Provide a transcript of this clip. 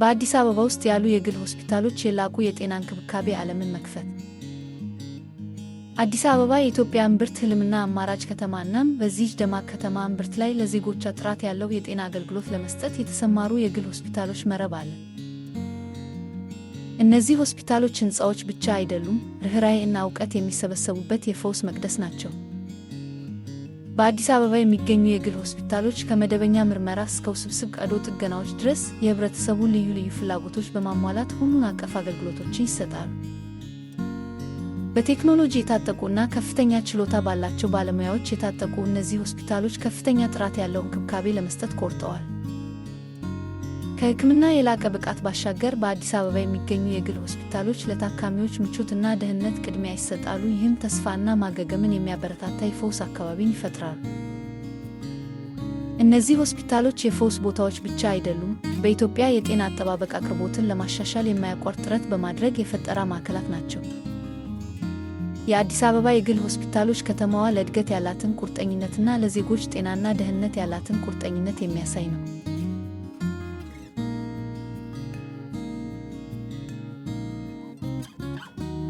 በአዲስ አበባ ውስጥ ያሉ የግል ሆስፒታሎች የላቁ የጤና እንክብካቤ ዓለምን መክፈት። አዲስ አበባ የኢትዮጵያ እምብርት ህልምና አማራጭ ከተማ እናም በዚህ ደማቅ ከተማ እምብርት ላይ ለዜጎቿ ጥራት ያለው የጤና አገልግሎት ለመስጠት የተሰማሩ የግል ሆስፒታሎች መረብ አለ። እነዚህ ሆስፒታሎች ህንፃዎች ብቻ አይደሉም፣ ርኅራኄ እና እውቀት የሚሰበሰቡበት የፈውስ መቅደስ ናቸው። በአዲስ አበባ የሚገኙ የግል ሆስፒታሎች ከመደበኛ ምርመራ እስከ ውስብስብ ቀዶ ጥገናዎች ድረስ የህብረተሰቡን ልዩ ልዩ ፍላጎቶች በማሟላት ሁሉን አቀፍ አገልግሎቶችን ይሰጣሉ። በቴክኖሎጂ የታጠቁና ከፍተኛ ችሎታ ባላቸው ባለሙያዎች የታጠቁ እነዚህ ሆስፒታሎች ከፍተኛ ጥራት ያለው እንክብካቤ ለመስጠት ቆርጠዋል። ከሕክምና የላቀ ብቃት ባሻገር በአዲስ አበባ የሚገኙ የግል ሆስፒታሎች ለታካሚዎች ምቾትና ደህንነት ቅድሚያ ይሰጣሉ። ይህም ተስፋና ማገገምን የሚያበረታታ የፈውስ አካባቢን ይፈጥራሉ። እነዚህ ሆስፒታሎች የፈውስ ቦታዎች ብቻ አይደሉም፤ በኢትዮጵያ የጤና አጠባበቅ አቅርቦትን ለማሻሻል የማያቋርጥ ጥረት በማድረግ የፈጠራ ማዕከላት ናቸው። የአዲስ አበባ የግል ሆስፒታሎች ከተማዋ ለእድገት ያላትን ቁርጠኝነትና ለዜጎች ጤናና ደህንነት ያላትን ቁርጠኝነት የሚያሳይ ነው።